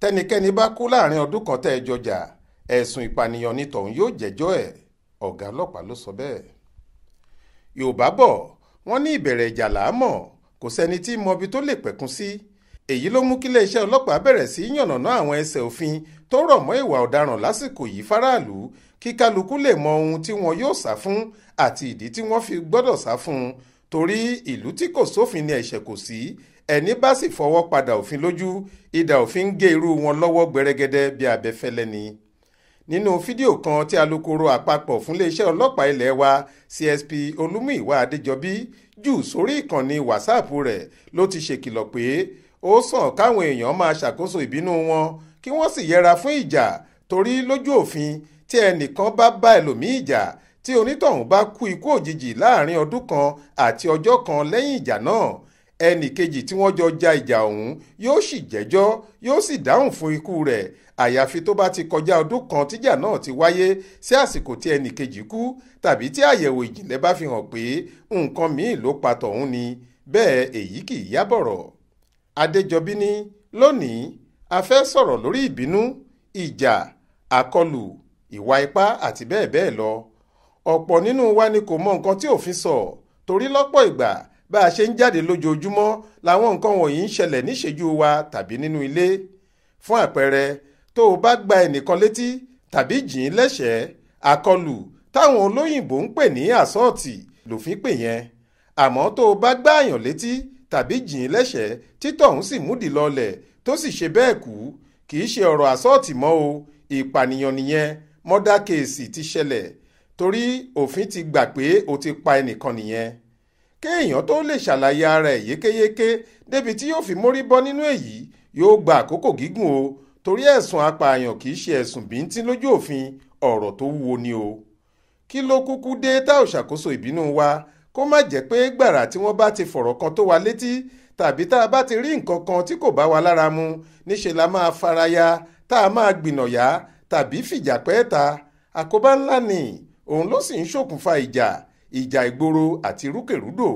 tẹnikẹ́ni bá kú láàrin ọdún kan tẹ́ ẹ jọjà ẹ̀sùn ìpànìyàn ni tọ̀hún yóò jẹ́jọ́ ẹ̀ ọ̀gá ọlọ́pàá ló sọ bẹ́ẹ̀. yorùbá bọ̀ wọ́n ní ìbẹ̀rẹ̀ ìjà làámọ̀ kò sẹ́ni tí mọbi tó lè pẹ̀kun sí èyí ló mú kíléeṣẹ́ ọlọ́pàá bẹ̀rẹ̀ sí yànnàná àwọn ẹsẹ̀ òfin tó rọ̀ mọ́ ìwà ọ̀daràn lásìkò yìí fáráàlú kí kálukú lè mọ ohun tí wọn yóò sá fún àti ìdí tí wọ́n fi gbọ́dọ̀ sá fún un torí ìlú tí kò sófin ni ẹ̀ṣẹ̀ kò sí ẹni bá sì fọwọ́ padà òfin lójú idà òfin ń gé irú wọn lọ́wọ́ gbẹrẹgẹdẹ bí abẹ́fẹ́lẹ́ ni nínú fídíò kan tí alukoro àpapọ̀ fúnléeṣẹ́ ọlọ́pàá ilẹ̀ wa CSP olúmúìwá adéjọbí jù sórí ìkànnì wàsáàpù rẹ̀ ló ti ṣèkìlọ̀ pé ó sàn káwọn èèyàn máa ṣàkóso ìbínú wọn kí wọ́n sì yẹra fún ìjà torí lójú òfin tí ẹnìkan bá bá ẹlòmíì jà tí onítọ̀hún bá kú ikú òjijì láàrin ọdún kan àti ọjọ́ kan lẹ́yìn ìjà náà ẹnì kejì tí wọ́n jọ ja ìjà ọ̀hún yóò sì jẹ́jọ́ yóò sì dáhùn fún ikú rẹ̀ àyàfi tó bá ti kọjá ọdún kan tíjà náà ti wáyé sí àsìkò tí ẹnì kejì kú tàbí tí àyẹ̀wò ìjìnlẹ̀ bá fi hàn pé nǹkan míì ló pa tọ̀hún ni bẹ́ẹ̀ èyí kì í yábọ̀rọ̀. Adéjọbí ní lónìí a fẹ́ sọ̀rọ̀ lórí ìbínú ìjà àkọlù ìwà ipá àti bẹ́ẹ̀ bẹ́ẹ̀ lọ ọ̀pọ̀ nínú wa ni kò mọ nǹkan tí òfin sọ torí lọ́pọ̀ ìgbà bá a ṣe ń jáde lójoojúmọ́ làwọn nǹkan wọ̀nyí ń ṣẹlẹ̀ níṣẹ́jú wa tàbí nínú ilé fún àpẹẹrẹ tó o bá gba ẹnìkan létí tàbí jìn ín lẹ́sẹ̀ẹ́ àkọlù táwọn olóyìnbó ń pè ní àsọ́ọ̀tì lòfin pè yẹn àmọ́ tó o bá gbáàyàn létí tàbí jìn ín lẹ́sẹ̀ẹ́ títọ̀ ọ̀hún sì múdì lọlẹ̀ tó sì ṣe bẹ́ẹ̀ kú kì í ṣe ọ̀rọ̀ àsọ́ọ̀tì mọ́ o ìpànìyàn nìyẹn mọ́dá ti ṣẹlẹ̀ torí òfin ti gbà pé o ti pa ẹnìkan nìyẹn kéèyàn tó lè ṣàlàyé ara ẹ̀ yékéyéké débi tí yóò fi mórí bọ́ nínú èyí yóò gba àkókò gígùn o torí ẹ̀sùn apààyàn kì í ṣe ẹ̀sùn bíntín lójú òfin ọ̀rọ̀ tó wúwo ni o kí ló kúkú dé tá ò ṣàkóso ìbínú wa kó má jẹ́ pé gbàrà tí wọ́n bá ti fọ̀rọ̀ kan tó wa létí tàbí tá a bá ti rí nǹkan kan tí kò bá wa lára mu níṣe la máa faraya tá a máa gbìnàyà tàbí fìjà pẹ́ẹ́ta àkóbá ńlá nìyí òun ló sì ń ṣokùnfà ìjà ìjà ìgboro àti rúkèrúdò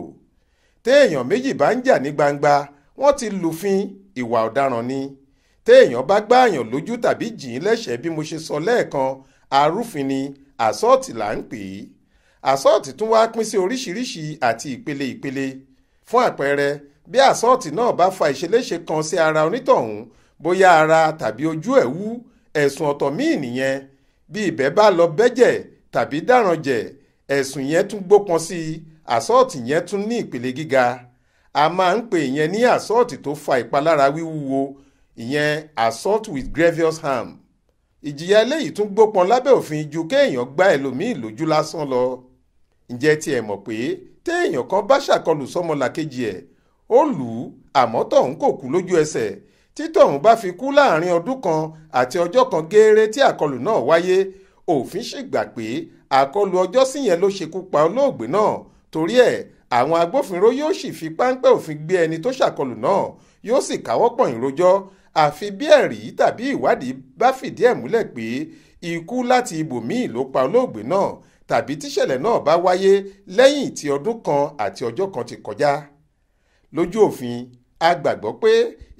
téèyàn méjì bá ń jà ní gbangba wọ́n ti lùfin ìwà ọ̀daràn ni téèyàn bá gbáàyàn lójú tàbí jìn lẹ́sẹ̀ bí mo ṣe sọ lẹ́ẹ̀kan arúfin ni àsọ́ọ̀tì là ń pè é àsọ́ọ̀tì tún wá pín sí oríṣiríṣi àti ìpele ìpele fún àpẹẹrẹ bí àsọ́ọ̀tì náà bá fa ìṣeléṣe kan sí ara onítọ̀hún bóyá ara tàbí ojú ẹ̀ wú ẹ̀sùn ọ̀tọ̀ míì nìyẹn bí ibẹ̀ bá lọ bẹ́jẹ̀ tàbí dárànjẹ ẹ̀sùn yẹn tún gbópọn sí i àsọ́ọ̀tì yẹn tún ní ìpele gíga a máa ń pè ìyẹn ní àsọ́ọ̀tì tó fa ìpalára wíwúwo ìyẹn assault with grievous harm ìjìyà eléyìí tún gbópọn lábẹ́ òfin ju kéèyàn gbá ẹlòmíì lójú lásán lọ ǹjẹ́ tí ẹ mọ̀ pé téèyàn kan bá ṣàkọlù sọ́mọlàkejì ẹ̀ ó lù ú àmọ́ tọ̀hún kò kú lójú ẹsẹ̀ tí tọ̀hún bá fi kú láàrin ọdún kan àti ọjọ́ kan gééré tí àkọlù náà wáyé òfin sì gbà pé àkọlù ọjọ́sí yẹn ló ṣekú pa olóògbé náà torí ẹ̀ àwọn agbófinró yóò sì fi páńpẹ́ òfin gbé ẹni tó ṣàkọlù náà yóò sì káwọ́ pọ̀nyìn rojọ́ àfi bí ẹ̀rí tàbí ìwádìí bá fìdí ẹ̀ múlẹ̀ pé ikú láti ibòmíì ló pa olóògbé náà tàbí tíṣẹ̀lẹ̀ náà bá wáyé lẹ́yìn tí ọdún kan àti ọjọ́ kan ti kọjá lójú òfin a gbàgbọ́ pé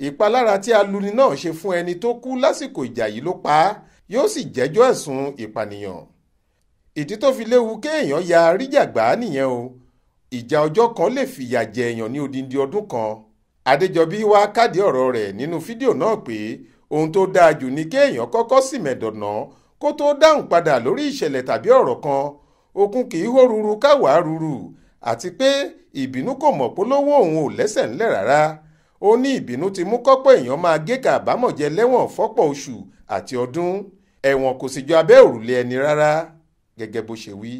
ìpalára tí aluni náà ṣe fún ẹni tó kú lásìkò ìjà yìí ló pa á yóò sì jẹ́jọ́ ẹ̀sùn ìpànìyàn ìdí tó fi léwu kéèyàn ya ríjàgbá nìyẹn o ìjà ọjọ́ kan lè fìyà jẹ èèyàn ní odindi ọdún kan adéjọbí wá kádìí ọ̀rọ̀ rẹ̀ nínú fídíò náà pé ohun tó dáa jù ni kéèyàn kọ́kọ́ sì mẹ̀dọ̀nà kó tó dáhùn padà lórí ìṣẹ̀lẹ̀ tàbí ọ̀rọ̀ kan okun kì í hó ruru káwàá ruru àti pé ìbínú kò mọ̀ polówó òun ò lẹ́sẹ̀ ńlẹ̀ rárá ó ní ìbínú ti mú kọ́pọ̀ èèyàn máa géka àbámọ̀jẹ lẹ́wọ̀n fọ́pọ̀ oṣù àti ọdún ẹ̀wọ̀n kò sì jọ abẹ́ òrùlé ẹni rárá gẹ́gẹ́ bó ṣe wí.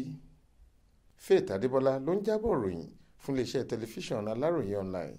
Faith Adébọlá ló ń jábọ̀ ròyìn fún iléeṣẹ́ tẹlifíṣàn Aláròyé online.